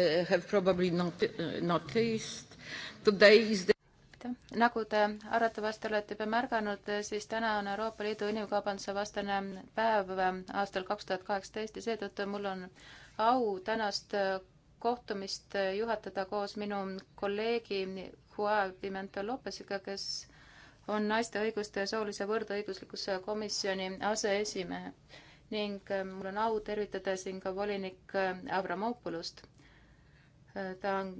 Uh, have probably not, uh, noticed, today is the nagu te arvatavasti olete juba märganud, eh, siis täna on Euroopa Liidu inimkaubanduse vastane päev eh, aastal kaks tuhat kaheksateist ja seetõttu mul on au tänast eh, kohtumist juhatada koos minu kolleegi Juha Pimento Lopesiga, kes on naiste õiguste ja soolise võrdõiguslikkuse komisjoni aseesimehe ning mul on au tervitada siin ka volinik Avramopolust Äh, ta on,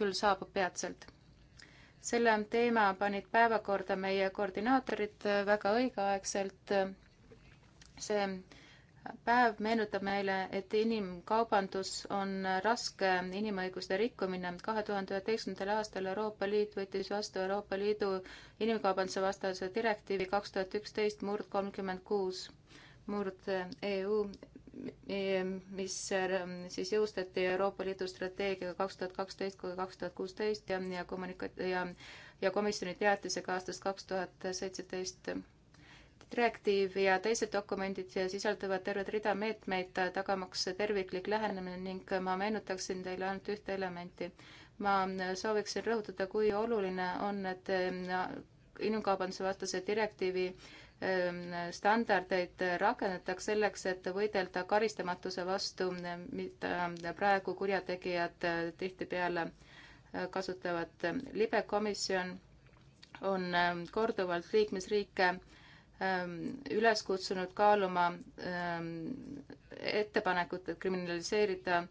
küll saabub peatselt. selle teema panid päevakorda meie koordinaatorid äh, väga õigeaegselt. see päev meenutab meile, et inimkaubandus on äh, raske inimõiguste rikkumine. kahe tuhande üheteistkümnendal aastal Euroopa Liit võttis vastu Euroopa Liidu inimkaubanduse vastase direktiivi kaks tuhat üksteist murd kolmkümmend kuus murd EU Ehm, mis ähm, siis jõustati Euroopa Liidu strateegiaga kaks tuhat kaksteist kuni kaks tuhat kuusteist ja, ja kommunika- ja, ja komisjoni teatisega aastast kaks tuhat seitseteist direktiiv ja teised dokumendid sisaldavad tervet rida meetmeid, äh, tagamaks terviklik lähenemine ning äh, ma meenutaksin teile ainult ühte elementi. ma äh, sooviksin rõhutada, kui oluline on, et inimkaubanduse vastase direktiivi äh, Ähm, standardeid rakendataks selleks, et võidelda karistamatuse vastu, mida praegu kurjategijad äh, tihtipeale äh, kasutavad. libe komisjon on ähm, korduvalt liikmesriike ähm, üles kutsunud kaaluma ettepanekut, et kriminaliseerida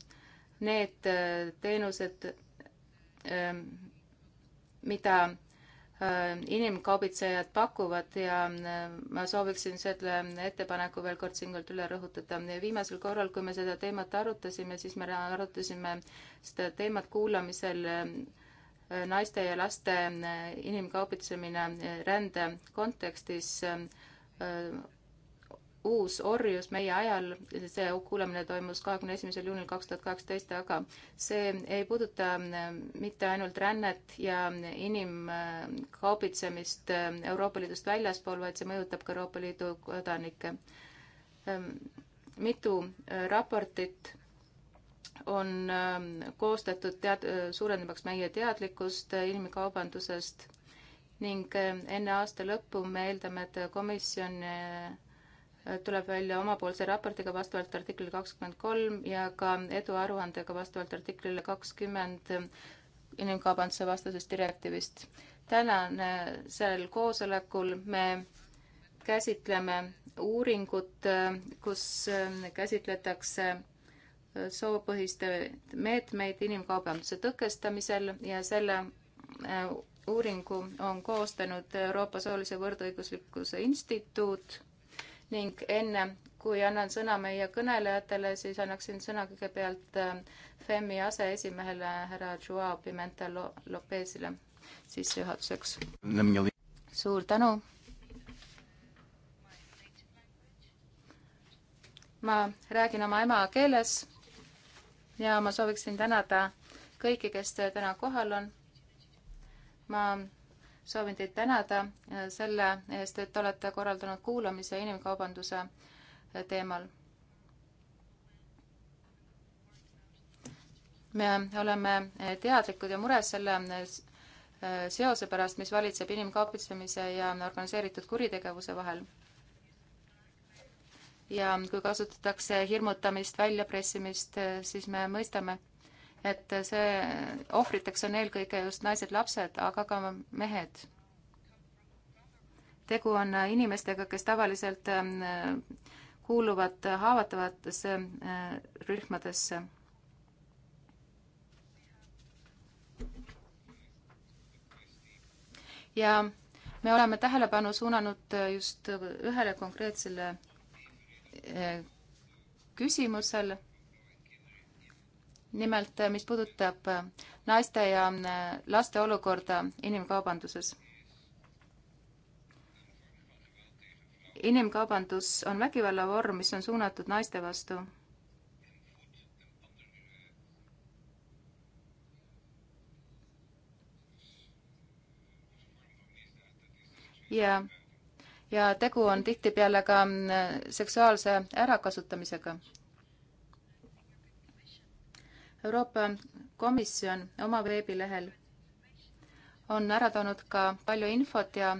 need äh, teenused, mida Äh, inimkaubitsejad pakuvad ja äh, ma sooviksin selle ettepaneku veel kord siinkohalt üle rõhutada. viimasel korral, kui me seda teemat arutasime, siis me arutasime seda teemat kuulamisel äh, naiste ja laste inimkaubitsemine rände kontekstis uus orjus meie ajal, see kuulamine toimus kahekümne esimesel juunil kaks tuhat kaheksateist, aga see ei puuduta ähm, mitte ainult rännet ja inimkaubitsemist ähm, Euroopa Liidust väljaspool, vaid see mõjutab ka Euroopa Liidu kodanikke. Ähm, mitu äh, raportit on koostatud tead-, äh, suurendamaks meie teadlikkust äh, inimkaubandusest ning enne aasta lõppu me eeldame, et komisjon tuleb välja omapoolse raportiga vastavalt artiklile kakskümmend kolm ja ka eduaruandega vastavalt artiklile kakskümmend inimkaubanduse vastasest direktiivist. tänasel koosolekul me käsitleme uuringut, kus käsitletakse soopõhiste meetmeid inimkaubanduse tõkestamisel ja selle äh, uuringu on koostanud Euroopa Soolise Võrdõiguslikkuse Instituut ning enne, kui annan sõna meie kõnelejatele, siis annaksin sõna kõigepealt äh, FEM-i aseesimehele härra Joao Pimenta Lopezile sissejuhatuseks. suur tänu. ma räägin oma emakeeles ja ma sooviksin tänada kõiki, kes täna kohal on. ma soovin teid tänada äh, selle eest, et olete korraldanud kuulamise inimkaubanduse äh, teemal. me oleme äh, teadlikud ja mures selle seose pärast, mis valitseb inimkaubitsemise ja organiseeritud kuritegevuse vahel. ja kui kasutatakse hirmutamist, väljapressimist, siis me mõistame et see, ohvriteks on eelkõige just naised-lapsed, aga ka mehed. tegu on inimestega, kes tavaliselt ähm, kuuluvad haavatavatesse äh, rühmadesse. ja me oleme tähelepanu suunanud just ühele konkreetsele äh, küsimusele nimelt, mis puudutab naiste ja äh, laste olukorda inimkaubanduses. inimkaubandus on vägivalla vorm, mis on suunatud naiste vastu. ja, ja tegu on tihtipeale ka äh, seksuaalse ärakasutamisega Euroopa Komisjon oma veebilehel on ära toonud ka palju infot ja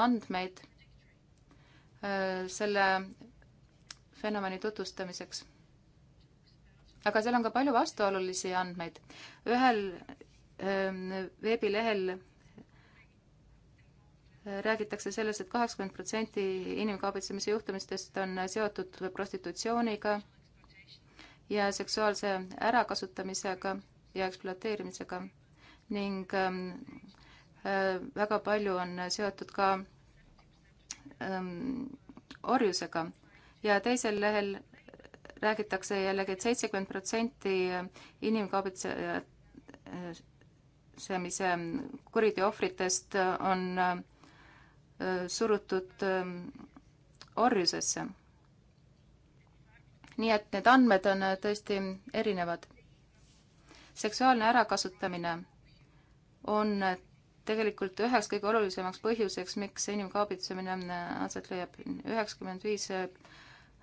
andmeid äh, selle fenomeni tutvustamiseks. aga seal on ka palju vastuolulisi andmeid. ühel ähm, veebilehel äh, räägitakse sellest et, et kaheksakümmend protsenti inimkaubitsemise juhtumistest on seotud prostitutsiooniga ja seksuaalse ärakasutamisega ja ekspluateerimisega ning ähm, äh, väga palju on seotud ka ähm, orjusega ja teisel lehel räägitakse jällegi et, et seitsekümmend protsenti inimkaubitsemise äh, kuriteo ohvritest on äh, surutud ähm, orjusesse nii et need andmed on äh, tõesti erinevad. seksuaalne ärakasutamine on äh, tegelikult üheks kõige olulisemaks põhjuseks, miks inimkaubitsemine äh, aset leiab. üheksakümmend viis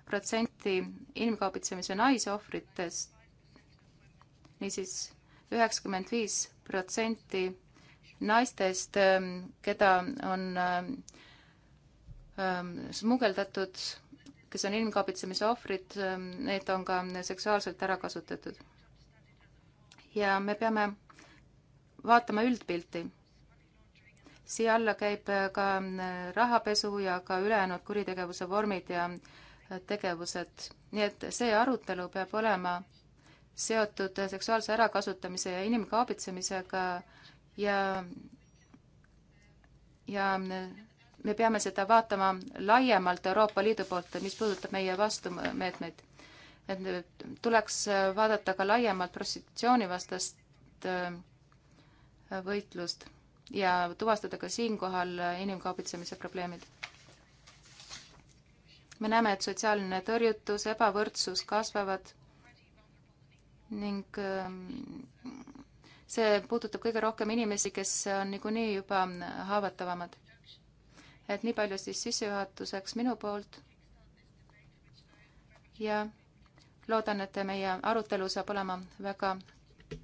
protsenti inimkaubitsemise naisohvritest, niisiis üheksakümmend viis protsenti naistest, ähm, keda on ähm, ähm, smugeldatud kes on inimkaubitsemise ohvrid, ähm, need on ka seksuaalselt ära kasutatud. ja me peame vaatama üldpilti. siia alla käib äh, ka äh, rahapesu ja ka ülejäänud kuritegevuse vormid ja äh, tegevused, nii et see arutelu peab olema seotud seksuaalse ärakasutamise ja inimkaubitsemisega ja, ja me peame seda vaatama laiemalt Euroopa Liidu poolt, mis puudutab meie vastumeetmeid. et tuleks vaadata ka laiemalt prostitutsioonivastast äh, võitlust ja tuvastada ka siinkohal inimkaubitsemise probleemid. me näeme, et sotsiaalne tõrjutus, ebavõrdsus kasvavad ning äh, see puudutab kõige rohkem inimesi, kes on niikuinii juba haavatavamad et nii palju siis sissejuhatuseks minu poolt ja loodan, et meie arutelu saab olema väga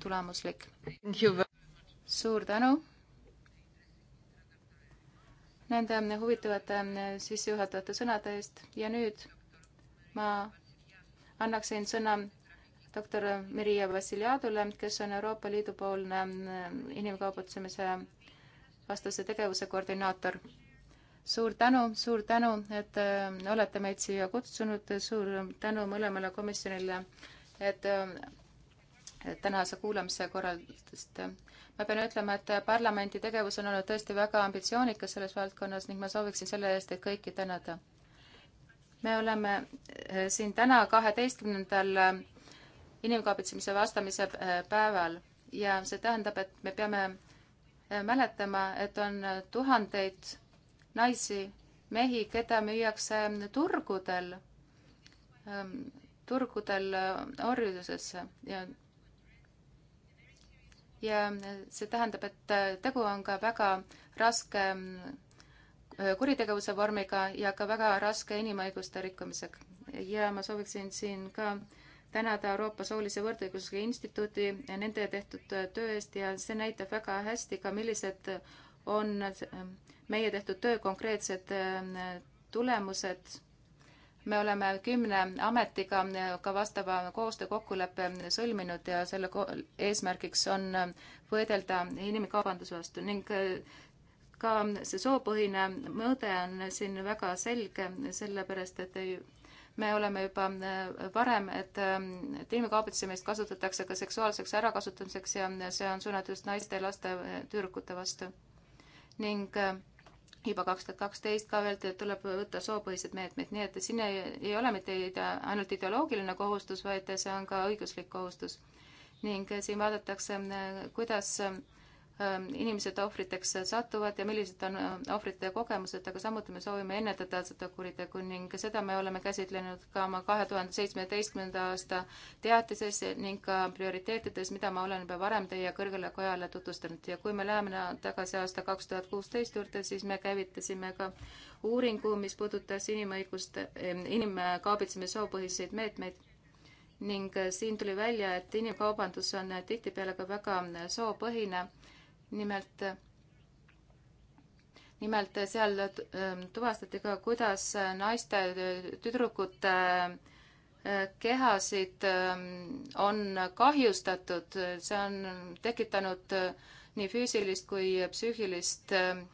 tulemuslik. suur tänu nende huvitavate sissejuhatavate sõnade eest ja nüüd ma annaksin sõna doktor Mirja Vassiljadule, kes on Euroopa Liidu poolne inimkaubitsemise vastase tegevuse koordinaator suur tänu, suur tänu, et äh, olete meid siia kutsunud, suur tänu mõlemale komisjonile, et äh, tänase kuulamise korraldasite. ma pean ütlema, et parlamendi tegevus on olnud tõesti väga ambitsioonikas selles valdkonnas ning ma sooviksin selle eest teid kõiki tänada. me oleme äh, siin täna kaheteistkümnendal inimkaubitsemise vastamise päeval ja see tähendab, et me peame mäletama, et on tuhandeid naisi, mehi, keda müüakse turgudel, ähm, turgudel äh, orjusesse ja ja see tähendab, et äh, tegu on ka väga raske ähm, äh, kuritegevuse vormiga ja ka väga raske inimõiguste rikkumisega. ja ma sooviksin siin ka tänada Euroopa Soolise Võrdõiguslikkuse Instituuti nende tehtud töö eest ja see näitab väga hästi ka, millised on meie tehtud töö konkreetsed äh, tulemused. me oleme kümne ametiga äh, ka vastava koostöökokkuleppe äh, sõlminud ja selle eesmärgiks on võidelda inimkaubanduse vastu ning ka see soopõhine mõõde on siin väga selge, sellepärast et ei, me oleme juba varem, et, et inimkaubitse meest kasutatakse ka seksuaalseks ärakasutamiseks ja see on suunatud just naiste ja laste tüdrukute vastu. ning äh, juba kaks tuhat kaksteist ka öeldi, et tuleb võtta soopõhised meetmed, nii et siin ei, ei ole mitte ide, ainult ideoloogiline kohustus, vaid see on ka õiguslik kohustus. ning siin vaadatakse, kuidas Ähm, inimesed ohvriteks satuvad ja millised on äh, ohvrite kogemused, aga samuti me soovime ennetada seda kuritegu ning seda me oleme käsitlenud ka oma kahe tuhande seitsmeteistkümnenda aasta teatises ning ka prioriteetides, mida ma olen juba varem teie kõrgele kojale tutvustanud ja kui me läheme tagasi aasta kaks tuhat kuusteist juurde, siis me käivitasime ka uuringu, mis puudutas inimõiguste, ehm, inimkaabitsemise soopõhiseid meetmeid ning äh, siin tuli välja, et inimkaubandus on äh, tihtipeale ka väga soopõhine nimelt, nimelt seal ähm, tuvastati ka, kuidas äh, naiste, äh, tüdrukute äh, kehasid ähm, on kahjustatud, see on tekitanud nii füüsilist kui psüühilist ähm,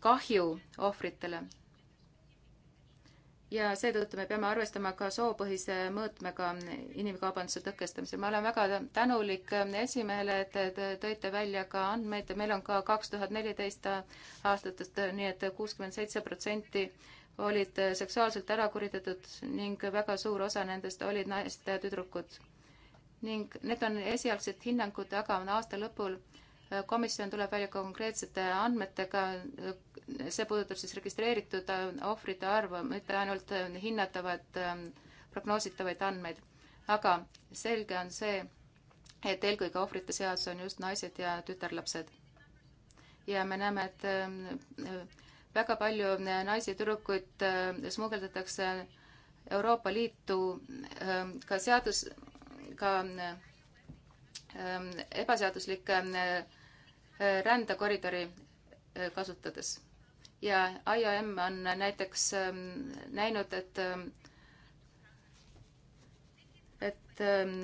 kahju ohvritele ja seetõttu me peame arvestama ka soopõhise mõõtmega inimkaubanduse tõkestamisel. ma olen väga tänulik esimehele, et te tõite välja ka andmeid ja meil on ka kaks tuhat neliteist aastatest, nii et kuuskümmend seitse protsenti olid seksuaalselt ära kuritatud ning väga suur osa nendest olid naised ja tüdrukud. ning need on esialgsed hinnangud, aga aasta lõpul komisjon tuleb välja konkreetsete andmetega, see puudutab siis registreeritud ohvrite arvu, mitte ainult hinnatavad, ähm, prognoositavaid andmeid. aga selge on see, et eelkõige ohvrite seas on just naised ja tütarlapsed. ja me näeme, et ähm, väga palju naisi ja tüdrukuid ähm, smugeldatakse Euroopa Liitu ka seadus, ka ebaseaduslike rändekoridori äh, kasutades. ja IOM on näiteks ähm, näinud, et, ähm, et ähm,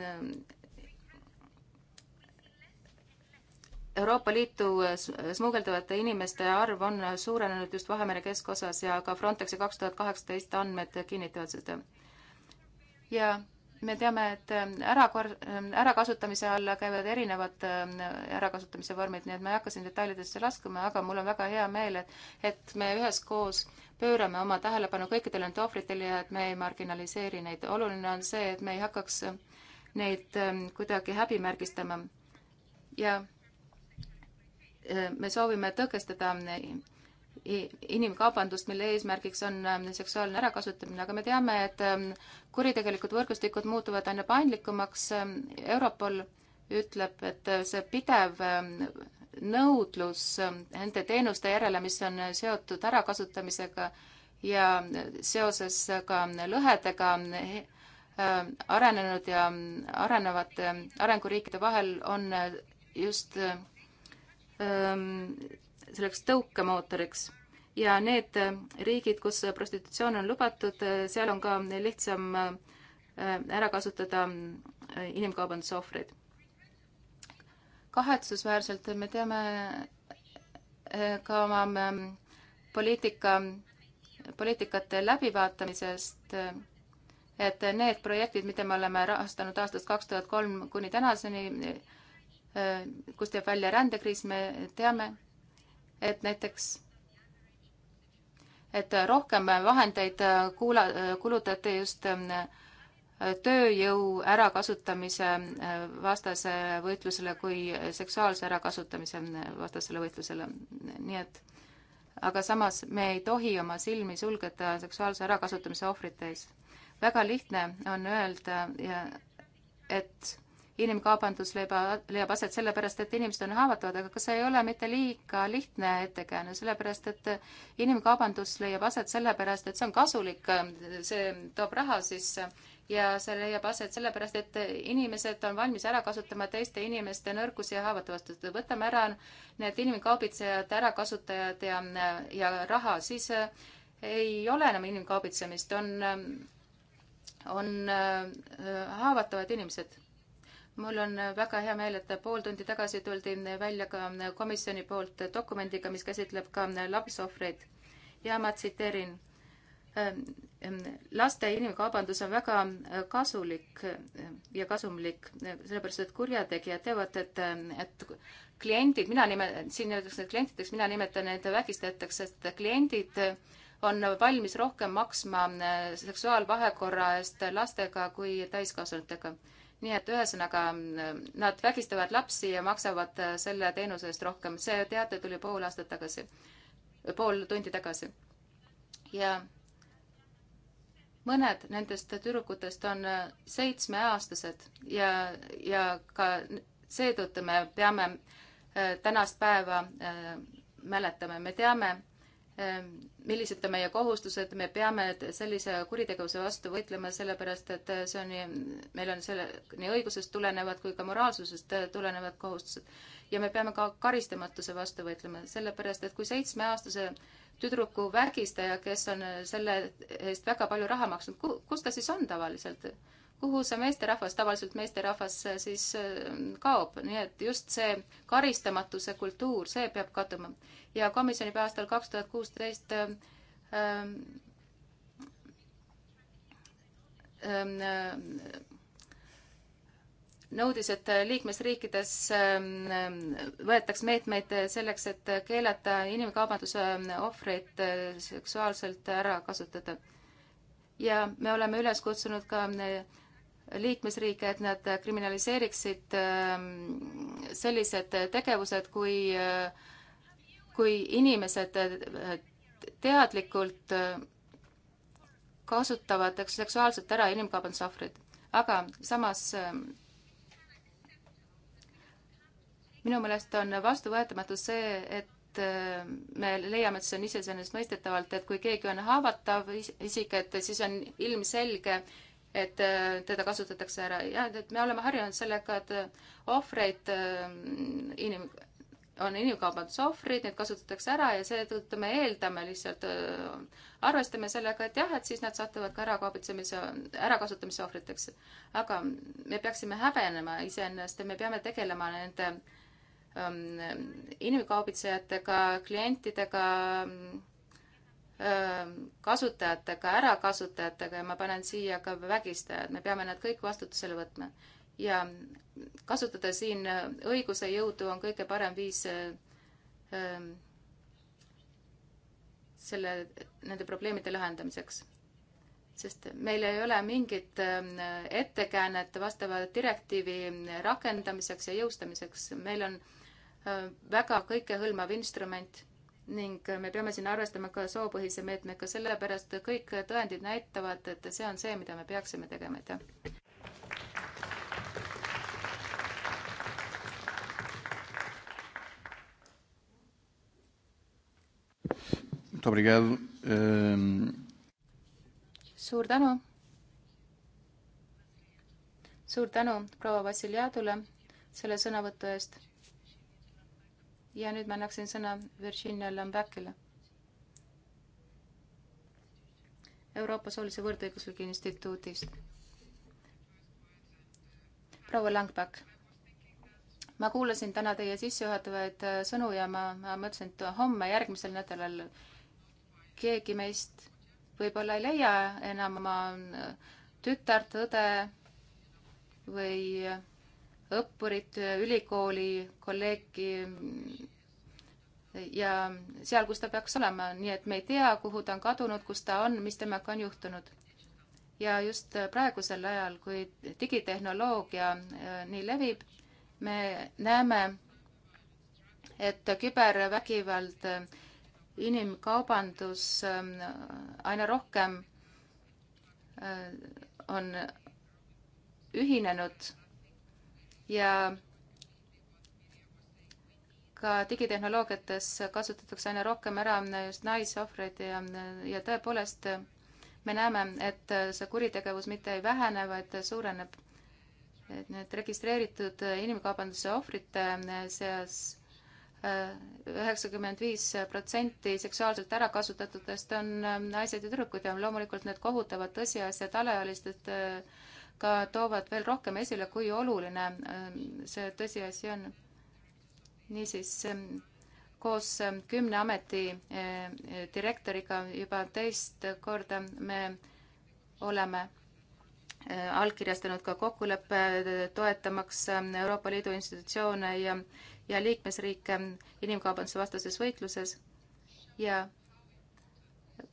Euroopa Liitu äh, smugeldavate inimeste arv on suurenenud just Vahemere keskosas ja ka Frontexi kaks tuhat kaheksateist andmed kinnitavad seda. ja me teame, et ähm, ärakor-, ähm, ärakasutamise alla käivad erinevad ähm, ärakasutamise vormid, nii et ma ei hakka siin detailidesse laskuma, aga mul on väga hea meel, et, et me üheskoos pöörame oma tähelepanu kõikidele nende ohvritele ja et me ei marginaliseeri neid. oluline on see, et me ei hakkaks neid kuidagi häbimärgistama. ja äh, me soovime tõkestada neid inimkaubandust, mille eesmärgiks on ähm, seksuaalne ärakasutamine, aga me teame, et ähm, kuritegelikud võrgustikud muutuvad aina paindlikumaks. Ähm, Europol ütleb, et äh, see pidev nõudlus nende teenuste järele, mis on äh, seotud ärakasutamisega ja äh, seoses ka lõhedega arenenud ja arenevate arenguriikide vahel on just selleks tõukemootoriks ja need äh, riigid, kus äh, prostitutsioon on lubatud, äh, seal on ka lihtsam ära kasutada inimkaubanduse ohvreid. kahetsusväärselt me teame ka oma ähm, poliitika, poliitikate läbivaatamisest, et need projektid, mida me oleme rahastanud aastast kaks tuhat kolm kuni tänaseni, kust jääb välja rändekriis, me teame, et näiteks, et rohkem vahendeid kuula, kulutati just ähm, tööjõu ärakasutamise äh, vastase võitlusele kui seksuaalse ärakasutamise äh, vastasele võitlusele. nii et aga samas me ei tohi oma silmi sulgeda seksuaalse ärakasutamise ohvrite ees. väga lihtne on öelda, et inimkaubandus leiab, leiab aset sellepärast, et inimesed on haavatavad, aga kas see ei ole mitte liiga lihtne ettekääne, sellepärast et inimkaubandus leiab aset sellepärast, et see on kasulik, see toob raha sisse ja see leiab aset sellepärast, et inimesed on valmis ära kasutama teiste inimeste nõrkusi ja haavatavust. võtame ära need inimkaubitsejad, ärakasutajad ja, ja raha, siis äh, ei ole enam inimkaubitsemist, on, äh, on äh, haavatavad inimesed mul on väga hea meel, et pool tundi tagasi tuldi välja ka komisjoni poolt dokumendiga, mis käsitleb ka lapsohvreid. ja ma tsiteerin. Ehm, ehm, laste inimkaubandus on väga eh, kasulik eh, ja kasumlik, eh, sellepärast et kurjategijad teavad, et, et kliendid, mina nime-, siin nimetatakse neid klientideks, mina nimetan neid vägistajateks, sest kliendid on valmis rohkem maksma seksuaalvahekorra eest lastega kui täiskasvanutega nii et ühesõnaga nad vägistavad lapsi ja maksavad äh, selle teenuse eest rohkem. see teade tuli pool aastat tagasi, pool tundi tagasi. ja mõned nendest tüdrukutest on äh, seitsmeaastased ja, ja ka seetõttu me peame äh, tänast päeva mäletama. me teame, Ehm, millised on meie kohustused, me peame sellise kuritegevuse vastu võitlema, sellepärast et see on nii, meil on selle, nii õigusest tulenevad kui ka moraalsusest äh, tulenevad kohustused. ja me peame ka karistamatuse vastu võitlema, sellepärast et kui seitsmeaastase tüdruku vägistaja, kes on selle eest väga palju raha maksnud, kus ta siis on tavaliselt? kuhu see meesterahvas, tavaliselt meesterahvas äh, siis äh, kaob, nii et just see karistamatuse kultuur, see peab kaduma. ja komisjon juba aastal kaks tuhat kuusteist ähm, ähm, ähm, äh, nõudis, et liikmesriikides võetaks meetmeid selleks, et keelata inimkaubanduse ohvreid seksuaalselt ära kasutada. ja me oleme üles kutsunud ka liikmesriike, et nad kriminaliseeriksid ähm, sellised tegevused, kui, äh, kui inimesed äh, teadlikult äh, kasutavad seksuaalselt ära inimkaubanduse ohvrid. aga samas ähm, minu meelest on vastuvõetamatu see, et me leiame, et see on iseenesestmõistetavalt, et kui keegi on haavatav isik, et siis on ilmselge, et äh, teda kasutatakse ära ja et me oleme harjunud sellega, et äh, ohvreid äh, inim-, on inimkaubanduse ohvrid, neid kasutatakse ära ja seetõttu me eeldame lihtsalt, arvestame sellega, et jah, et siis nad satuvad ka ärakaubitsemise, ärakasutamise ohvriteks. aga me peaksime häbenema iseennast ja me peame tegelema nende um, inimkaubitsejatega, klientidega um,, kasutajatega, ärakasutajatega ja ma panen siia ka vägistajad, me peame nad kõik vastutusele võtma. ja kasutada siin õiguse jõudu on kõige parem viis selle, nende probleemide lahendamiseks. sest meil ei ole mingit ettekäänet vastava direktiivi rakendamiseks ja jõustamiseks, meil on väga kõikehõlmav instrument ning me peame siin arvestama ka soopõhise meetmega, sellepärast kõik tõendid näitavad, et see on see, mida me peaksime tegema, aitäh. Ehm, suur tänu. suur tänu proua Vassiljadule selle sõnavõtu eest ja nüüd ma annaksin sõna Virginia Lambakile. Euroopa Soolise Võrdõiguslike Instituudist. proua Langbak, ma kuulasin täna teie sissejuhatavaid äh, sõnu ja ma, ma mõtlesin, et homme, järgmisel nädalal keegi meist võib-olla ei leia enam oma äh, tütart, õde või äh, õppurid, ülikooli, kolleegi ja seal, kus ta peaks olema, nii et me ei tea, kuhu ta on kadunud, kus ta on, mis temaga on juhtunud. ja just praegusel ajal, kui digitehnoloogia äh, nii levib, me näeme, et kübervägivald, äh, inimkaubandus äh, aina rohkem on ühinenud ja ka digitehnoloogiates kasutatakse aina rohkem ära just naisohvreid ja, ja tõepoolest me näeme, et see kuritegevus mitte ei vähene, vaid suureneb. et need registreeritud inimkaubanduse ohvrite seas äh, üheksakümmend viis protsenti seksuaalselt ärakasutatutest on äh, naised ja tüdrukud ja loomulikult need kohutavad tõsiasjad alaealistest äh, ka toovad veel rohkem esile, kui oluline ähm, see tõsiasi on. niisiis ähm, koos ähm, kümne ameti äh, direktoriga juba teist korda me oleme äh, allkirjastanud ka kokkuleppe äh, toetamaks Euroopa Liidu institutsioone ja, ja liikmesriike inimkaubanduse vastases võitluses ja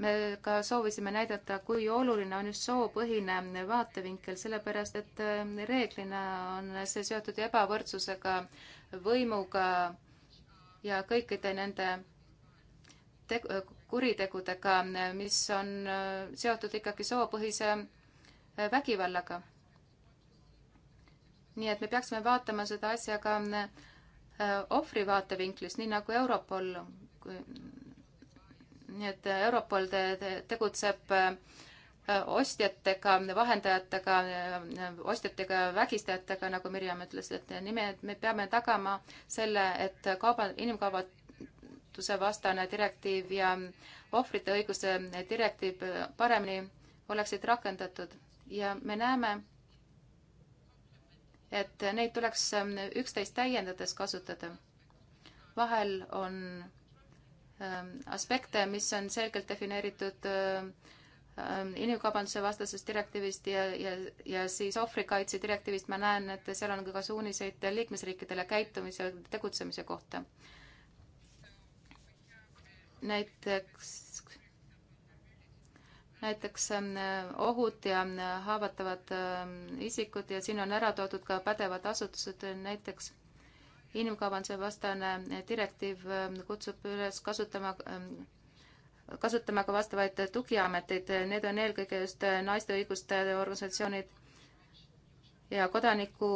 me ka soovisime näidata, kui oluline on just soopõhine vaatevinkel, sellepärast et äh, reeglina on see seotud ebavõrdsusega, võimuga ja kõikide nende kuritegudega, mis on äh, seotud ikkagi soopõhise äh, vägivallaga. nii et me peaksime vaatama seda asja ka ohvri vaatevinklist, nii nagu Europol nii et äh, Europol te, te, tegutseb äh, äh, ostjatega, vahendajatega, ostjatega, vägistajatega, nagu Mirjam ütles, et nime, et me peame tagama selle, et kauba, inimkaubanduse vastane direktiiv ja ohvrite õiguse direktiiv paremini oleksid rakendatud ja me näeme, et neid tuleks üksteist täiendades kasutada. vahel on Ähm, aspekte, mis on selgelt defineeritud ähm, ähm, inimkaubanduse vastasest direktiivist ja, ja, ja siis ohvrikaitse direktiivist ma näen, et seal on ka suuniseid liikmesriikidele käitumise, tegutsemise kohta. näiteks, näiteks ohud ja äh, haavatavad isikud ja siin on ära toodud ka pädevad asutused, näiteks inimkaubanduse vastane eh, direktiiv eh, kutsub üles kasutama eh, kasutama ka vastavaid tugiameteid, need on eelkõige just naiste õiguste organisatsioonid ja kodaniku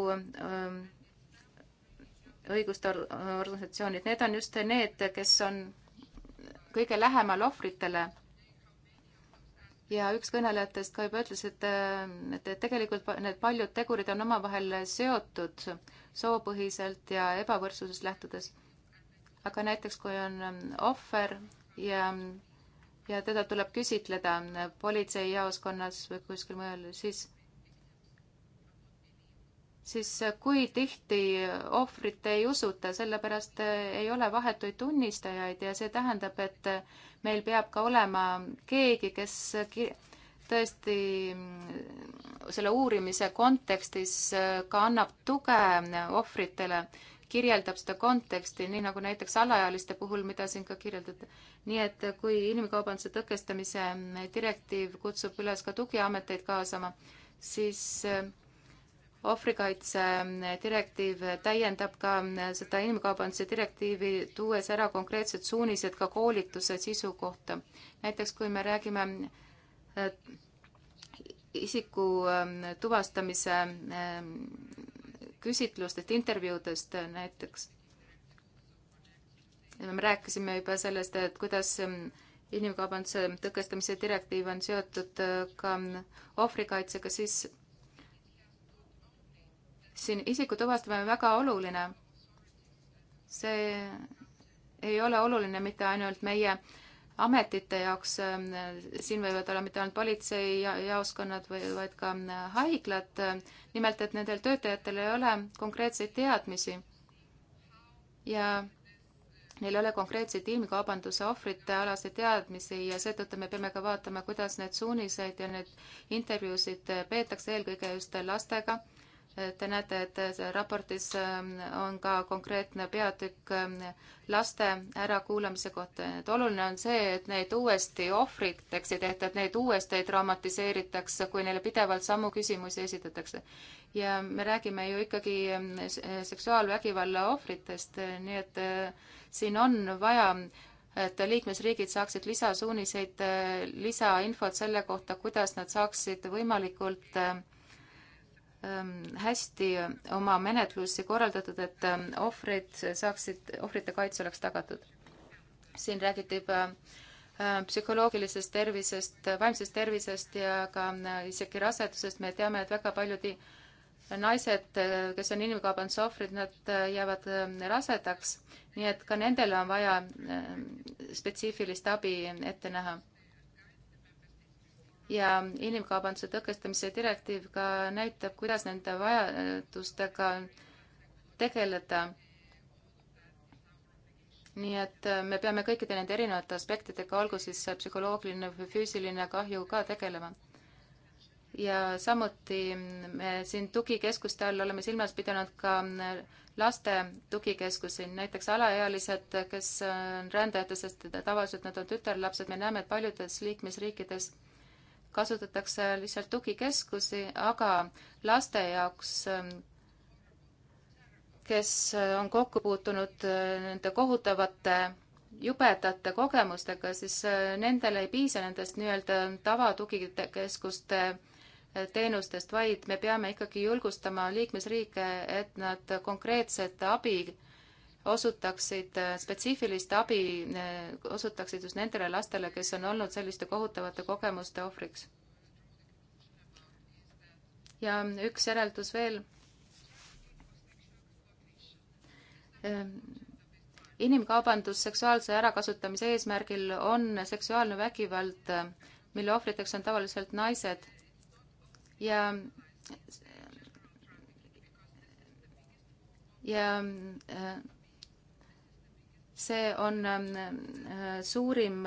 õiguste organisatsioonid, need on just need, kes on kõige lähemal ohvritele ja üks kõnelejatest ka juba ütles, et, et tegelikult need paljud tegurid on omavahel seotud soopõhiselt ja ebavõrdsusest lähtudes. aga näiteks, kui on ähm, ohver ja, ja teda tuleb küsitleda äh, politseijaoskonnas või kuskil mujal, siis, siis äh, kui tihti ohvrit ei usuta, sellepärast äh, ei ole vahetuid tunnistajaid ja see tähendab, et meil peab ka olema keegi, kes tõesti mm, selle uurimise kontekstis äh, ka annab tuge äh, ohvritele, kirjeldab seda konteksti, nii nagu näiteks alaealiste puhul, mida siin ka kirjeldati. nii et äh, kui inimkaubanduse tõkestamise direktiiv kutsub üles ka tugiameteid kaasama, siis ohvrikaitse direktiiv täiendab ka seda inimkaubanduse direktiivi, tuues ära konkreetsed suunised ka koolituse sisu kohta. näiteks kui me räägime isiku ähm, tuvastamise ähm, küsitlustest, intervjuudest äh, näiteks. me rääkisime juba sellest, et kuidas ähm, inimkaubanduse tõkestamise direktiiv on seotud äh, ka ohvrikaitsega, siis siin isiku tuvastamine on väga oluline. see ei ole oluline mitte ainult meie äh, ametite jaoks, äh, siin võivad olla mitte ainult politseijaoskonnad, vaid ka äh, haiglad, äh, nimelt et nendel töötajatel ei ole konkreetseid teadmisi ja neil ei ole konkreetseid inimkaubanduse ohvrite alaseid teadmisi ja seetõttu me peame ka vaatama, kuidas need suunised ja need intervjuusid peetakse eelkõige just lastega Te näete, et raportis ähm, on ka konkreetne peatükk ähm, laste ärakuulamise kohta, et oluline on see, et neid uuesti ohvriteks ei tehta, et neid uuesti ei traumatiseeritaks, kui neile pidevalt samu küsimusi esitatakse. ja me räägime ju ikkagi ähm, seksuaalvägivalla ohvritest, nii et äh, siin on vaja et liikmesriigid saaksid lisasuuniseid, äh, lisainfot selle kohta, kuidas nad saaksid võimalikult äh, Ähm, hästi oma menetlusi korraldatud, et ähm, ohvrid saaksid, ohvrite kaitse oleks tagatud. siin räägiti juba ähm, psühholoogilisest tervisest, vaimsest tervisest ja ka äh, isegi rasedusest, me teame, et väga paljud naised, äh, kes on inimkaubanduse ohvrid, nad äh, jäävad rasedaks, nii et ka nendele on vaja spetsiifilist abi ette näha ja inimkaubanduse tõkestamise direktiiv ka näitab, kuidas nende vajadustega tegeleda. nii et äh, me peame kõikide nende erinevate aspektidega, olgu siis äh, psühholoogiline või füüsiline kahju ka tegelema. ja samuti mm, me siin tugikeskuste all oleme silmas pidanud ka äh, laste tugikeskusi, näiteks alaealised, kes on rändajatest, sest tavaliselt nad on tütarlapsed, me näeme, et paljudes liikmesriikides kasutatakse lihtsalt tugikeskusi, aga laste jaoks, ähm, kes äh, on kokku puutunud äh, nende kohutavate jubedate kogemustega, siis äh, nendele ei piisa nendest nii-öelda tavatugikeskuste teenustest, vaid me peame ikkagi julgustama liikmesriike, et nad konkreetset abi osutaksid äh, spetsiifilist abi, äh, osutaksid just nendele lastele, kes on olnud selliste kohutavate kogemuste ohvriks. ja üks järeldus veel. Ähm, inimkaubandus seksuaalse ärakasutamise eesmärgil on seksuaalne vägivald, äh, mille ohvriteks on tavaliselt naised ja ja see on ähm, äh, suurim,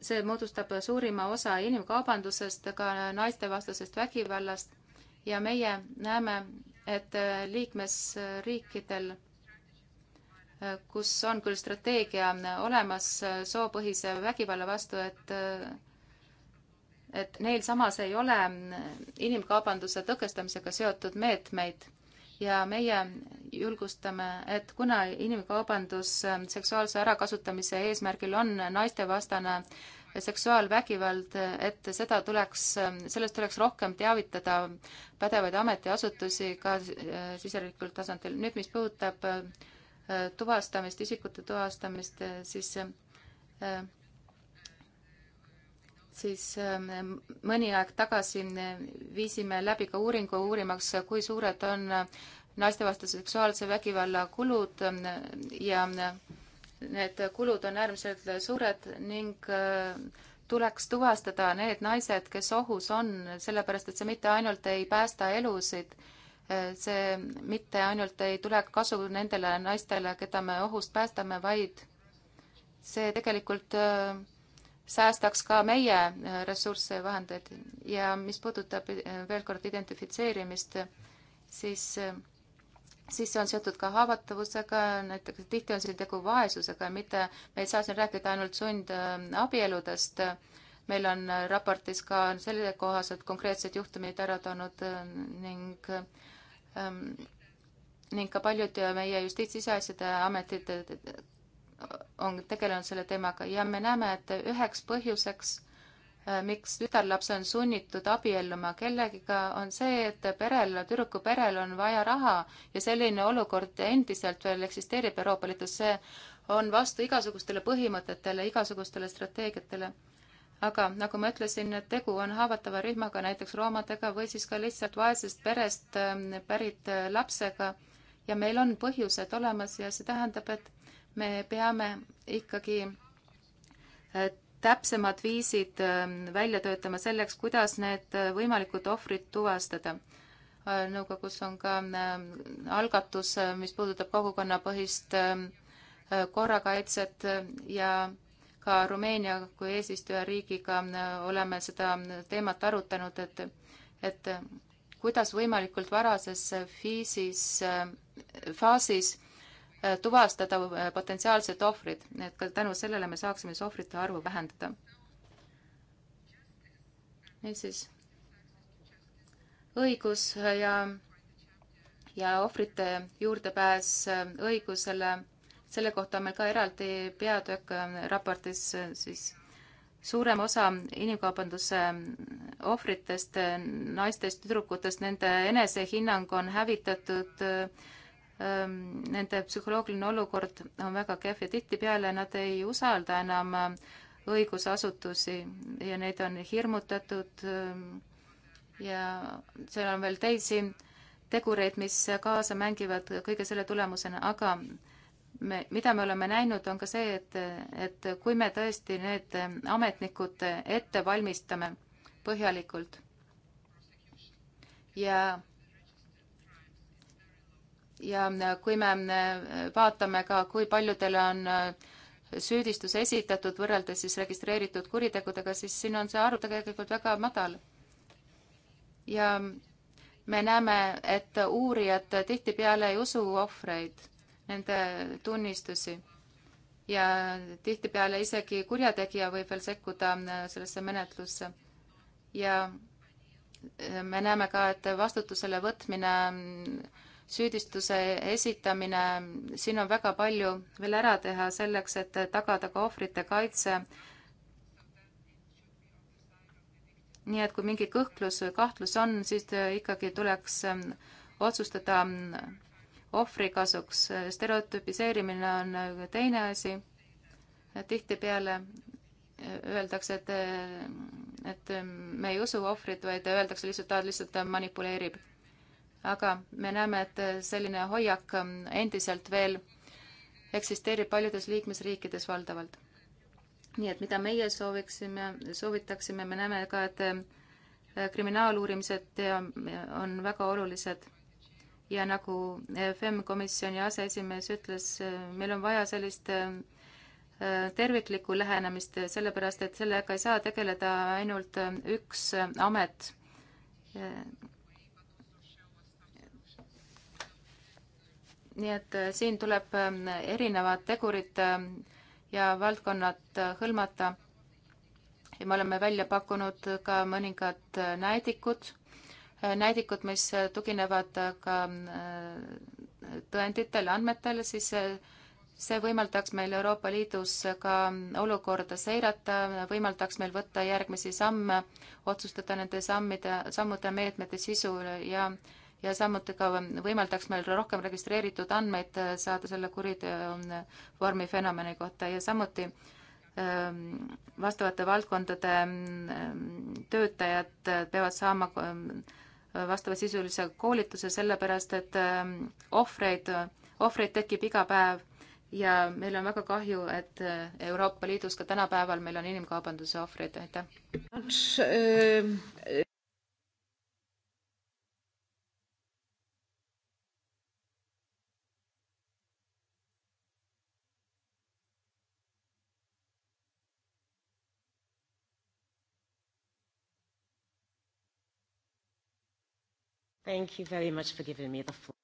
see moodustab suurima osa inimkaubandusest, ka naistevastasest vägivallast ja meie näeme, et äh, liikmesriikidel, äh, kus on küll strateegia olemas soopõhise vägivalla vastu, et et neil samas ei ole inimkaubanduse tõkestamisega seotud meetmeid ja meie julgustame, et kuna inimkaubandus ähm, seksuaalse ärakasutamise eesmärgil on naistevastane seksuaalvägivald, et seda tuleks, ähm, sellest tuleks rohkem teavitada pädevaid ametiasutusi ka äh, siseriiklikul tasandil. nüüd, mis puudutab äh, tuvastamist, isikute tuvastamist, äh, siis siis ähm, mõni aeg tagasi äh, viisime läbi ka uuringu uurimaks, kui suured on äh, naistevastase seksuaalse vägivalla kulud ähm, ja äh, need kulud on äärmiselt suured ning tuleks tuvastada need naised, kes ohus on, sellepärast et see mitte ainult ei päästa elusid, see mitte ainult ei tule kasu nendele naistele, keda me ohust päästame, vaid see tegelikult äh, säästaks ka meie äh, ressursse ja vahendeid ja mis puudutab äh, veel kord identifitseerimist, siis, äh, siis see on seotud ka haavatavusega, näiteks tihti on siin tegu vaesusega, mitte me ei saa siin rääkida ainult sundabieludest, meil on raportis ka sellekohased konkreetsed juhtumid ära toonud ning ähm, ning ka paljud meie justiits- siseasjade ametid on tegelenud selle teemaga ja me näeme, et üheks põhjuseks, äh, miks tütarlaps on sunnitud abielluma kellegiga, on see, et perel, tüdruku perel on vaja raha ja selline olukord endiselt veel eksisteerib Euroopa Liidus, see on vastu igasugustele põhimõtetele, igasugustele strateegiatele aga nagu ma ütlesin, et tegu on haavatava rühmaga, näiteks roomadega või siis ka lihtsalt vaesest perest ähm, pärit äh, lapsega ja meil on põhjused olemas ja see tähendab, et me peame ikkagi äh, täpsemad viisid ähm, välja töötama selleks, kuidas need äh, võimalikud ohvrid tuvastada. Äh, nõukogus on ka ähm, algatus, mis puudutab kogukonnapõhist ähm, korrakaitset ja ka Rumeenia kui eesistujariigiga oleme seda teemat arutanud, et, et kuidas võimalikult varases viisis, faasis tuvastada äh, potentsiaalsed ohvrid, et ka tänu sellele me saaksime siis ohvrite arvu vähendada. niisiis, õigus äh, ja, ja ohvrite juurdepääs äh, õigusele, selle kohta on meil ka eraldi peatükk raportis siis suurem osa inimkaubanduse ohvritest, naistest, tüdrukutest, nende enesehinnang on hävitatud äh, Ehm, nende psühholoogiline olukord on väga kehv ja tihtipeale nad ei usalda enam ehm, õigusasutusi ja neid on hirmutatud ehm, ja seal on veel teisi tegureid, mis kaasa mängivad kõige selle tulemusena, aga me, mida me oleme näinud, on ka see, et, et kui me tõesti need ametnikud ette valmistame põhjalikult ja ja kui me vaatame ka, kui paljudele on äh, süüdistus esitatud võrreldes siis registreeritud kuritegudega, siis siin on see arv tegelikult väga madal. ja me näeme, et uurijad tihtipeale ei usu ohvreid, nende tunnistusi. ja tihtipeale isegi kurjategija võib veel sekkuda äh, sellesse menetlusse. ja äh, me näeme ka, et vastutusele võtmine mm, süüdistuse esitamine, siin on väga palju veel ära teha selleks, et tagada ka ohvrite kaitse. nii et kui mingi kõhklus või kahtlus on, siis ikkagi tuleks ähm, otsustada ähm, ohvri kasuks. stereotüpiseerimine on äh, teine asi. tihtipeale äh, öeldakse, et, äh, et ähm, me ei usu ohvrit, vaid öeldakse lihtsalt, ta lihtsalt manipuleerib aga me näeme, et selline hoiak ähm, endiselt veel eksisteerib paljudes liikmesriikides valdavalt. nii et mida meie sooviksime, soovitaksime, me näeme ka, et äh, kriminaaluurimised on väga olulised ja nagu FM komisjoni aseesimees ütles, äh, meil on vaja sellist äh, terviklikku lähenemist, sellepärast et sellega ei saa tegeleda ainult üks amet nii et äh, siin tuleb ähm, erinevad tegurid ähm, ja valdkonnad äh, hõlmata. ja me oleme välja pakkunud ka mõningad äh, näidikud, näidikud, mis tuginevad ka tõenditele, andmetele, siis see võimaldaks meil Euroopa Liidus ka ähm, olukorda seirata, võimaldaks meil võtta järgmisi samme, otsustada nende sammide, sammude meetmete sisu ja äh, ja samuti ka võimaldaks meil rohkem registreeritud andmeid saada selle kuriteo vormi fenomeni kohta ja samuti ähm, vastavate valdkondade ähm, töötajad peavad saama ähm, vastavasisulise koolituse, sellepärast et ohvreid, ohvreid tekib iga päev ja meil on väga kahju, et äh, Euroopa Liidus ka tänapäeval meil on inimkaubanduse ohvreid, aitäh. Äh, Thank you very much for giving me the floor.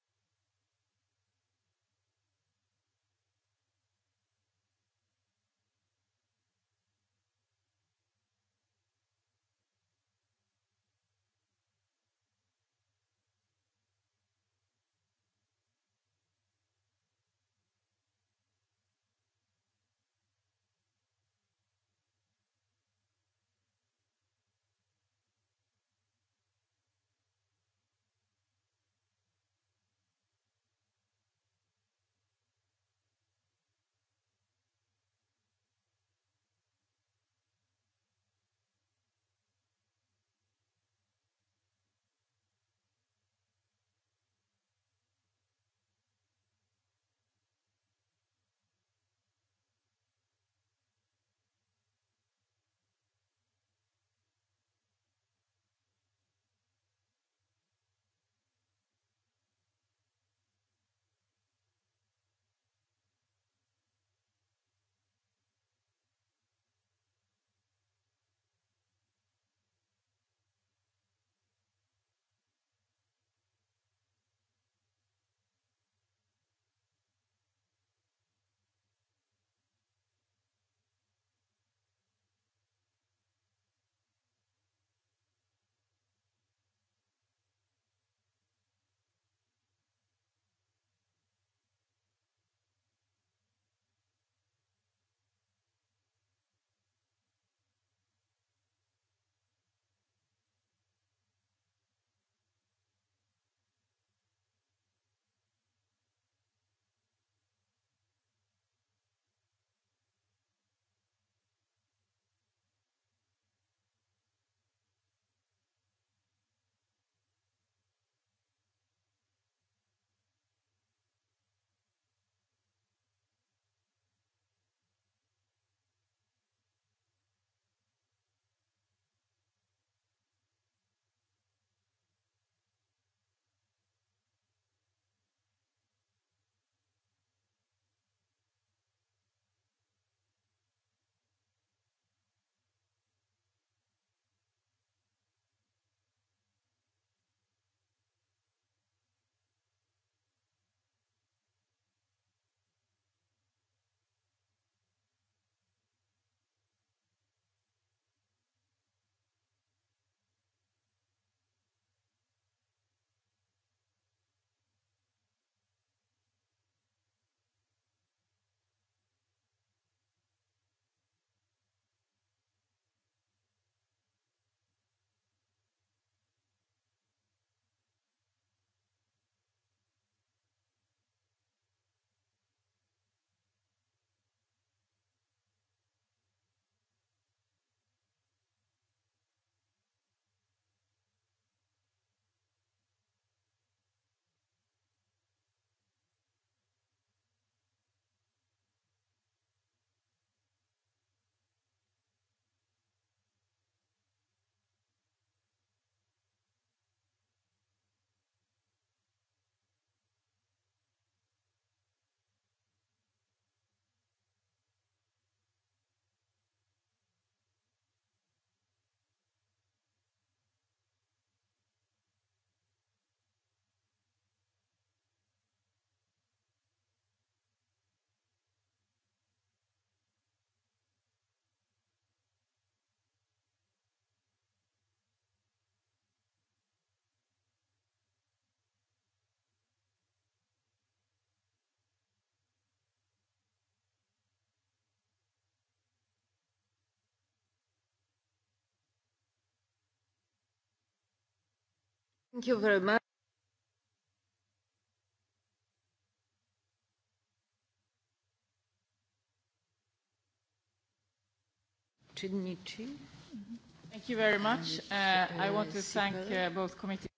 Thank you very much. Thank you very much. Uh, I want uh, to thank uh, both committees.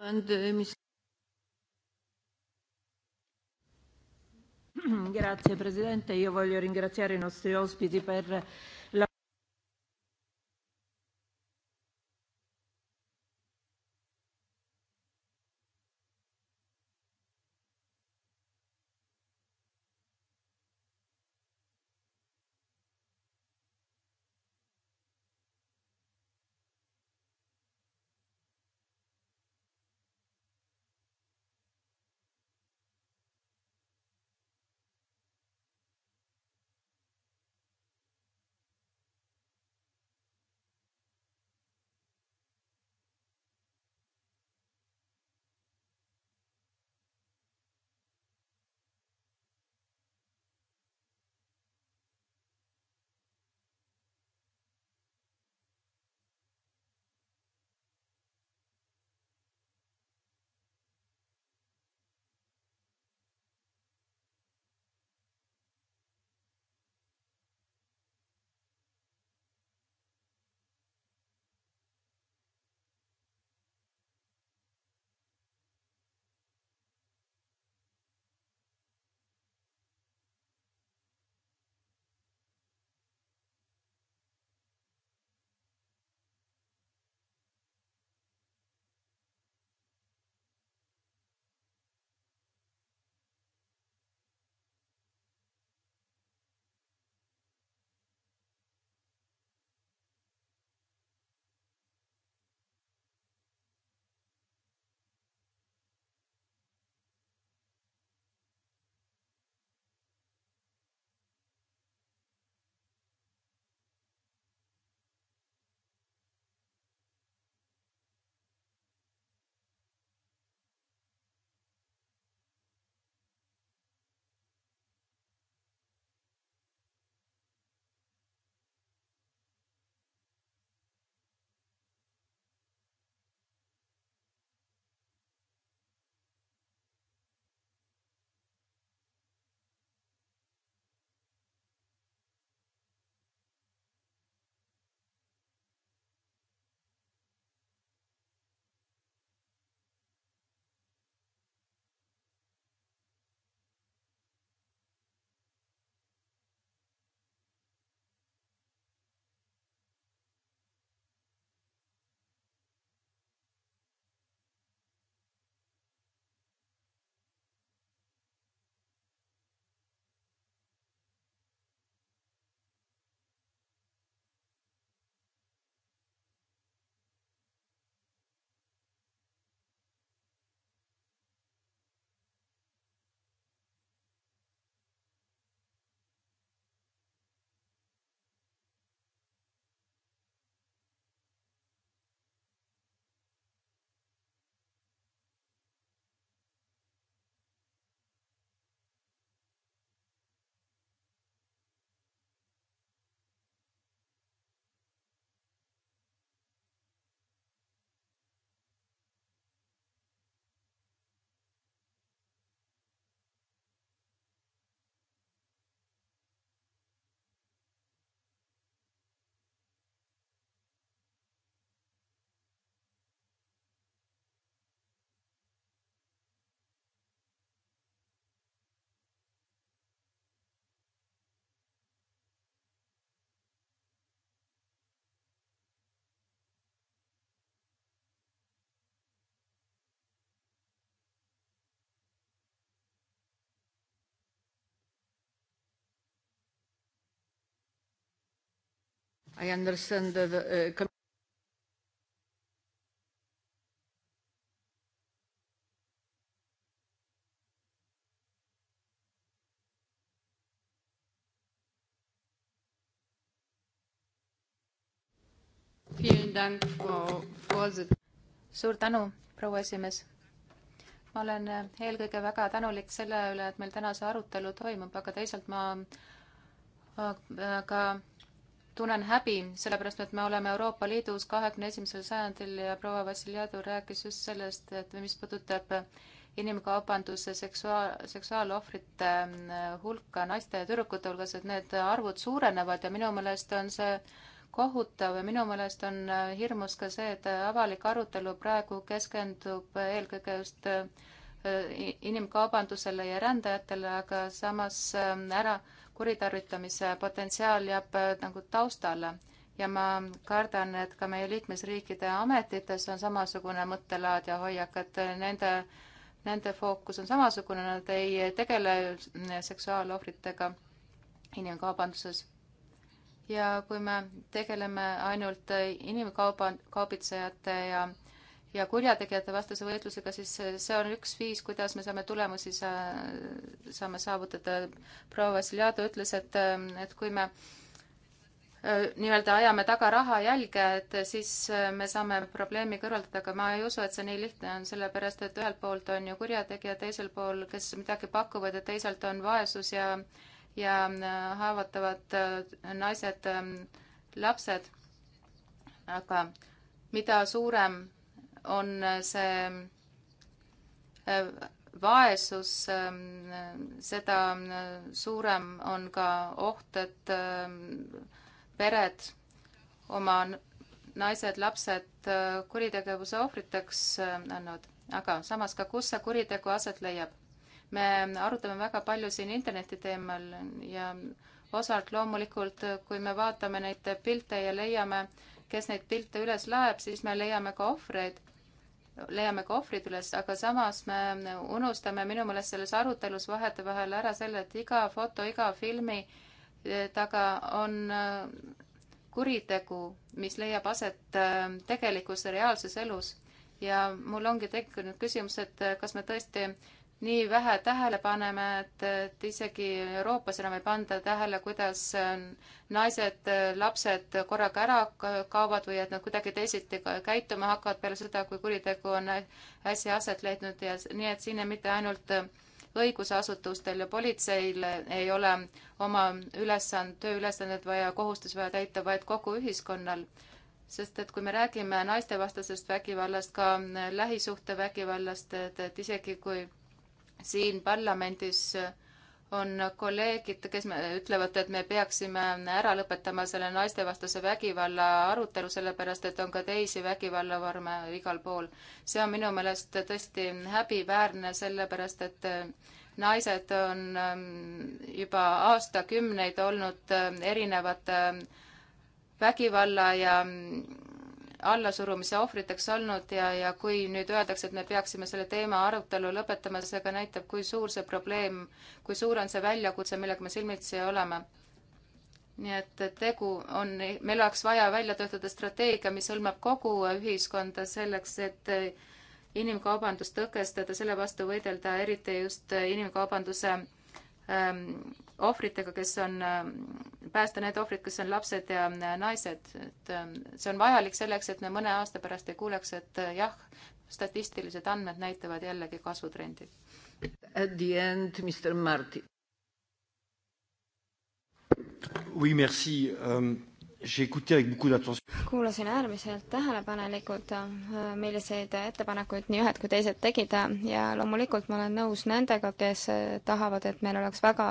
And, uh, mis... Grazie Presidente, io voglio ringraziare i nostri ospiti per I understand that the uh, suur tänu, proua esimees. ma olen äh, eelkõige väga tänulik selle üle, et meil täna see arutelu toimub, aga teisalt ma ka äh, tunnen häbi, sellepärast et me oleme Euroopa Liidus kahekümne esimesel sajandil ja proua Vassiljadu rääkis just sellest, et mis puudutab inimkaubanduse seksuaal, seksuaalohvrite ähm, hulka naiste ja tüdrukute hulgas, et need arvud suurenevad ja minu meelest on see kohutav ja minu meelest on äh, hirmus ka see, et avalik arutelu praegu keskendub eelkõige just äh, inimkaubandusele ja rändajatele, aga samas ähm, ära äh, kuritarvitamise potentsiaal jääb äh, nagu taustale ja ma kardan, et ka meie liikmesriikide ametites on samasugune mõttelaad ja hoiak, et nende, nende fookus on samasugune, nad ei tegele seksuaalohvritega inimkaubanduses. ja kui me tegeleme ainult inimkauba, kaubitsejate ja äh, ja kurjategijate vastase võitlusega, siis see on üks viis, kuidas me saame tulemusi saa-, saame saavutada. proua Vassiljadu ütles, et, et kui me äh, nii-öelda ajame taga rahajälge, et siis äh, me saame probleemi kõrvaldada, aga ma ei usu, et see nii lihtne on, sellepärast et ühelt poolt on ju kurjategija, teisel pool, kes midagi pakuvad ja teisalt on vaesus ja, ja äh, haavatavad naised, lapsed. aga mida suurem on äh, see äh, vaesus, ähm, seda äh, suurem on ka oht, et ähm, pered oma naised, lapsed kuritegevuse ohvriteks annavad, aga samas ka, kus see kuritegu aset leiab. me arutame väga palju siin interneti teemal ja osalt loomulikult, kui me vaatame neid pilte ja leiame, kes neid pilte üles laeb, siis me leiame ka ohvreid leiame ka ohvrid üles, aga samas me unustame minu meelest selles arutelus vahetevahel ära selle, et iga foto, iga filmi eh, taga on eh, kuritegu, mis leiab aset eh, tegelikus reaalses elus. ja mul ongi tekkinud küsimus, et kas me tõesti nii vähe tähele paneme, et, et isegi Euroopas enam ei panda tähele, kuidas äh, naised, äh, lapsed korraga ära kaovad või et nad kuidagi teisiti käituma hakkavad peale seda, kui kuritegu on äsja aset leidnud ja nii, et siin mitte ainult õigusasutustel ja politseil ei ole oma ülesand, tööülesanded vaja, kohustus vaja täita, vaid kogu ühiskonnal sest et kui me räägime naistevastasest vägivallast, ka äh, lähisuhtevägivallast, et, et isegi kui siin parlamendis on kolleegid, kes me, ütlevad, et me peaksime ära lõpetama selle naistevastase vägivalla arutelu, sellepärast et on ka teisi vägivallavorme igal pool. see on minu meelest tõesti häbiväärne, sellepärast et naised on ähm, juba aastakümneid olnud äh, erinevate äh, vägivalla ja allasurumise ohvriteks olnud ja, ja kui nüüd öeldakse, et me peaksime selle teema arutelu lõpetama, see ka näitab, kui suur see probleem, kui suur on see väljakutse, millega me silmitsi oleme. nii et tegu on, meil oleks vaja välja töötada strateegia, mis hõlmab kogu ühiskonda selleks, et inimkaubandust tõkestada, selle vastu võidelda, eriti just inimkaubanduse ähm, ohvritega, kes on, päästa need ohvrid, kes on lapsed ja naised, et ähm, see on vajalik selleks, et me mõne aasta pärast ei kuuleks, et äh, jah, statistilised andmed näitavad jällegi kasvutrendi. At the end, Mr Martin. Oui, merci um, kuulasin äärmiselt tähelepanelikult, äh, milliseid ettepanekuid nii ühed kui teised tegid äh, ja loomulikult ma olen nõus nendega, kes äh, tahavad, et meil oleks väga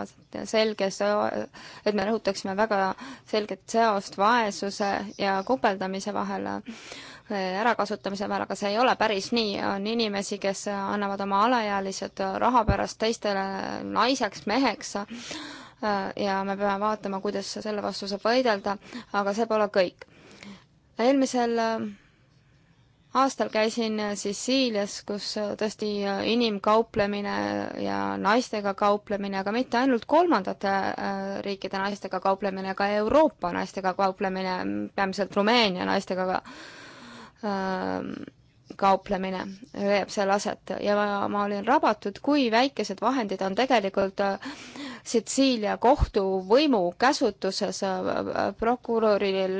selge seo-, et me rõhutaksime väga selget seost vaesuse ja kopeldamise vahel ärakasutamise määraga, see ei ole päris nii, on inimesi, kes annavad oma alaealised raha pärast teistele naiseks, meheks Äh, ja me peame vaatama, kuidas selle vastu saab võidelda, aga see pole kõik. eelmisel äh, aastal käisin Sissiilias, kus äh, tõesti inimkauplemine ja naistega kauplemine, aga mitte ainult kolmandate riikide naistega kauplemine, ka Euroopa naistega kauplemine, peamiselt Rumeenia naistega kauplemine leiab seal aset ja ma, ma olin rabatud, kui väikesed vahendid on tegelikult äh, Sitsiilia kohtu võimu käsutuses äh, äh, prokuröril,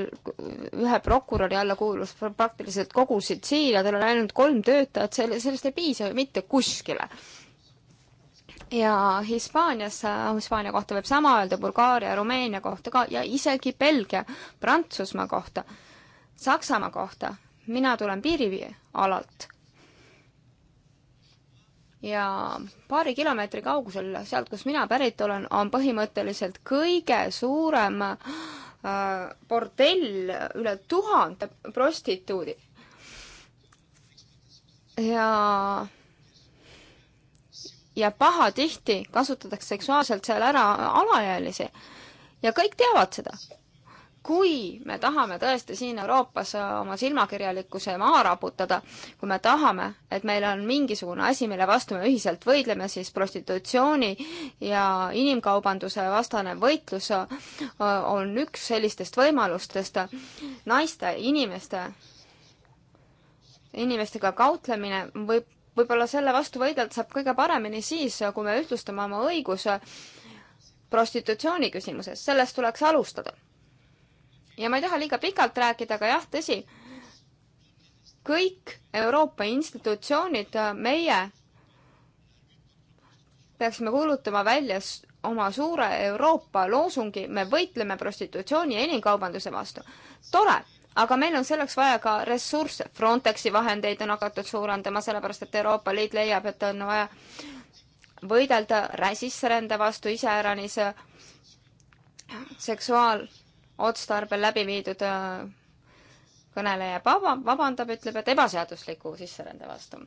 ühe prokuröri alla kuulus praktiliselt kogu Sitsiilia, tal on ainult kolm töötajat, selle, sellest ei piisa ju mitte kuskile ja Hispaanias, äh, Hispaania kohta võib sama öelda, Bulgaaria, Rumeenia kohta ka ja isegi Belgia, Prantsusmaa kohta, Saksamaa kohta. mina tulen piirialalt, ja paari kilomeetri kaugusel, sealt, kus mina pärit olen, on põhimõtteliselt kõige suurem äh, bordell, üle tuhande prostituudi. ja, ja pahatihti kasutatakse seksuaalselt seal ära alaealisi ja kõik teavad seda kui me tahame tõesti siin Euroopas äh, oma silmakirjalikkuse maha raputada, kui me tahame, et meil on mingisugune asi, mille vastu me ühiselt võidleme, siis prostitutsiooni ja inimkaubanduse vastane võitlus äh, on üks sellistest võimalustest naiste, inimeste, inimestega kauplemine võib, võib-olla selle vastu võidelda saab kõige paremini siis, kui me ühtlustame oma õiguse prostitutsiooni küsimuses, sellest tuleks alustada ja ma ei taha liiga pikalt rääkida, aga jah, tõsi, kõik Euroopa institutsioonid, äh, meie peaksime kuulutama välja oma suure Euroopa loosungi, me võitleme prostitutsiooni ja inimkaubanduse vastu. tore, aga meil on selleks vaja ka ressursse. Frontexi vahendeid on hakatud suurendama, sellepärast et Euroopa Liit leiab, et on vaja võidelda sisserände vastu, iseäranis äh, seksuaal- otstarbel läbi viidud äh, kõneleja vaba, vabandab, ütleb, et ebaseadusliku sisserände vastu.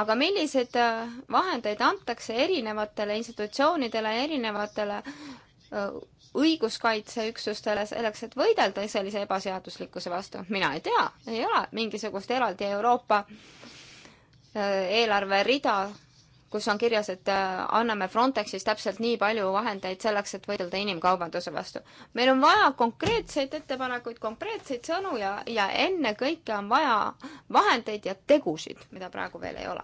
aga milliseid äh, vahendeid antakse erinevatele institutsioonidele, erinevatele äh, õiguskaitseüksustele selleks, et võidelda sellise ebaseaduslikkuse vastu, mina ei tea, ei ole mingisugust eraldi Euroopa eelarverida kus on kirjas, et äh, anname Frontexis täpselt nii palju vahendeid selleks, et võidelda inimkaubanduse vastu. meil on vaja konkreetseid ettepanekuid, konkreetseid sõnu ja, ja ennekõike on vaja vahendeid ja tegusid, mida praegu veel ei ole.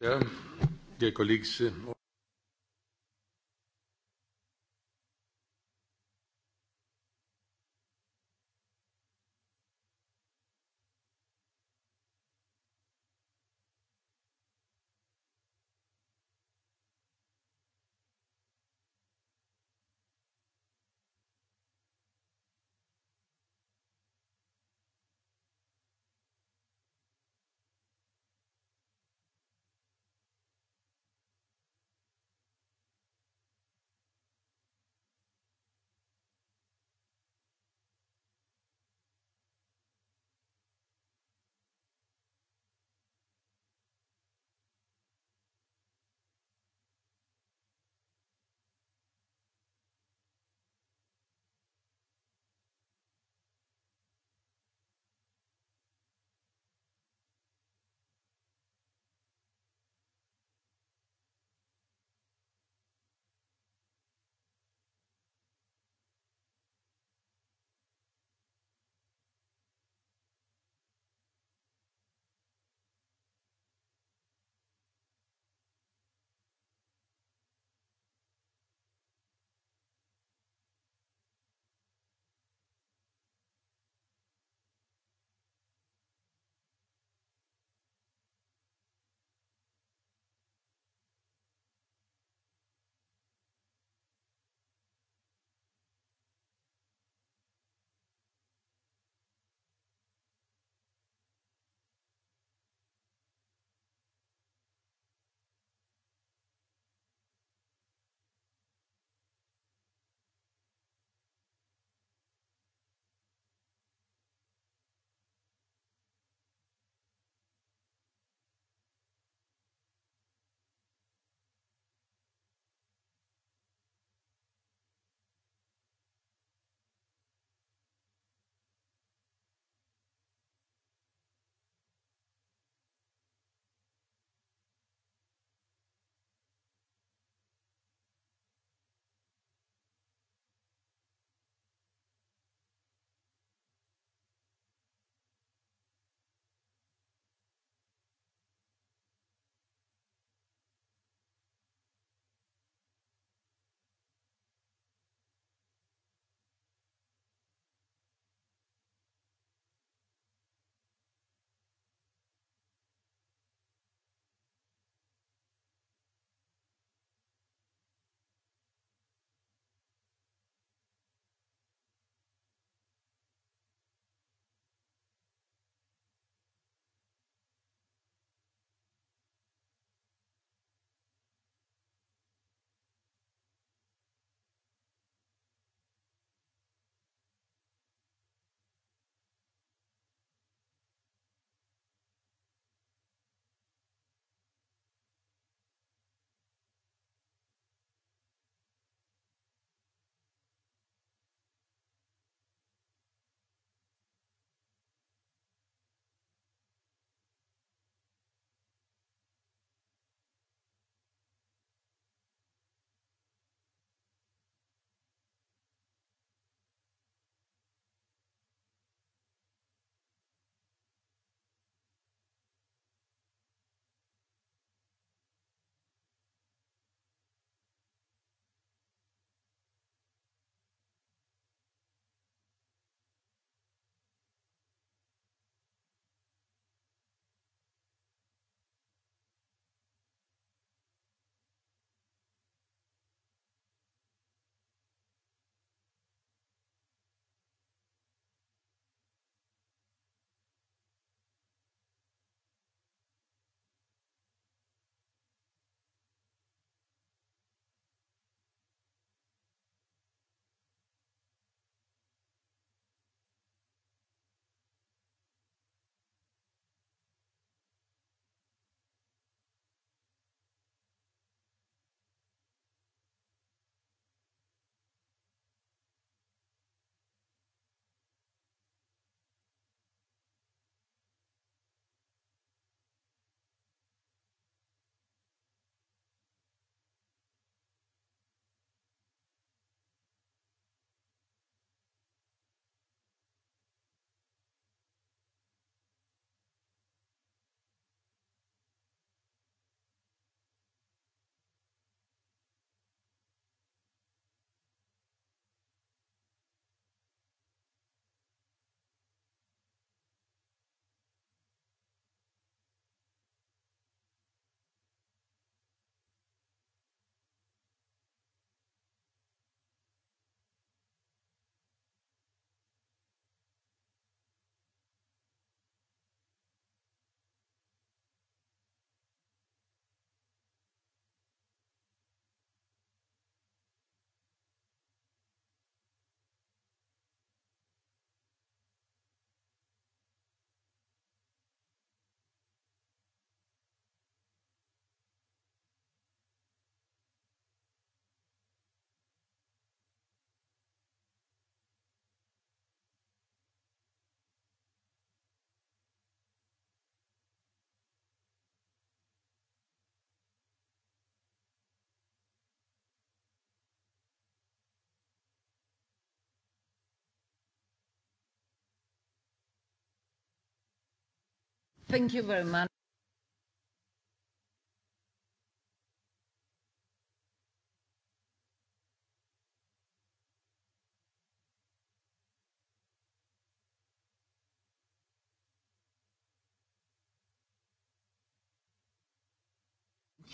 jah, kolleeg. much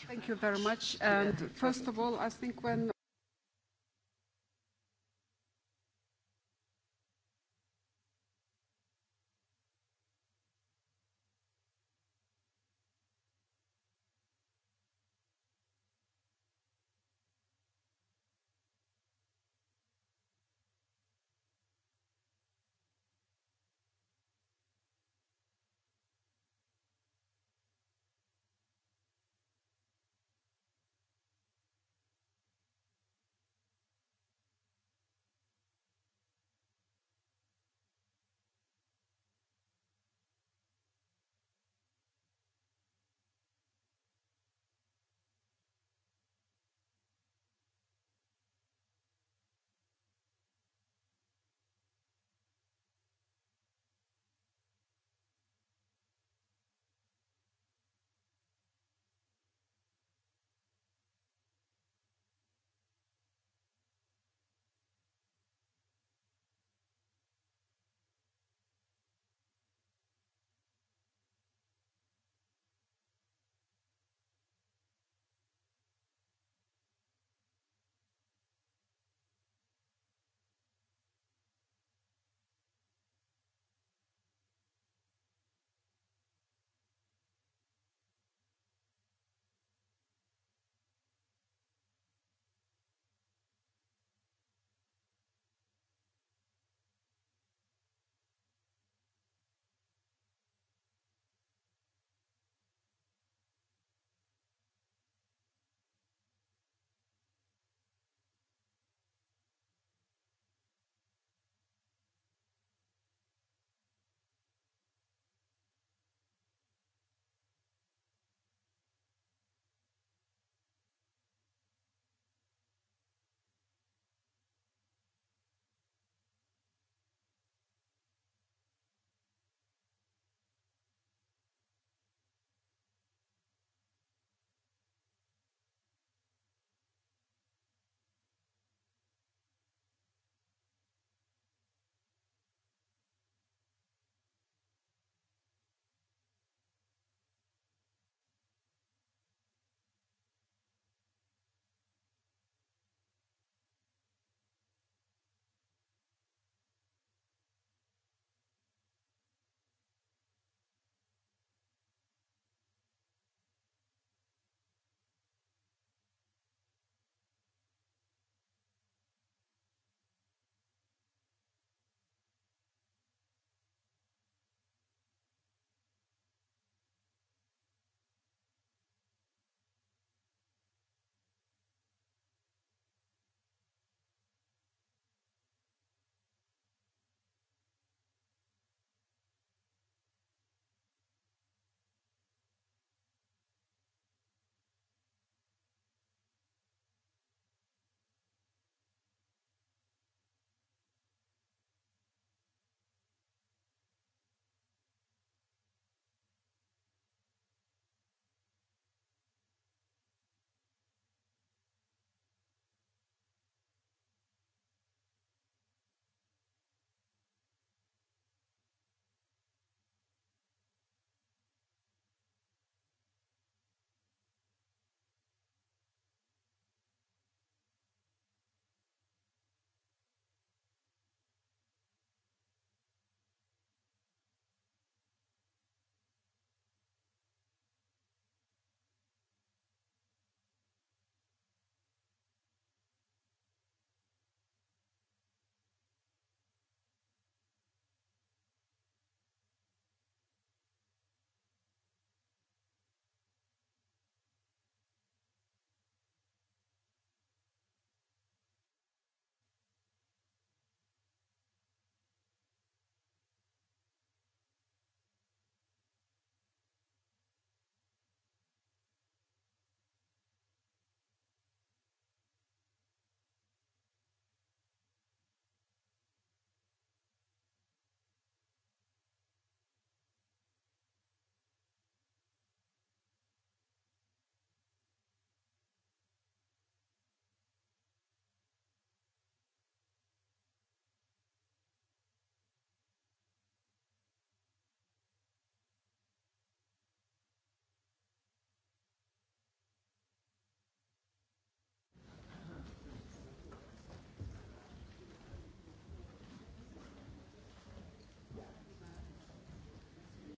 Thank you very much. And first of all, I think when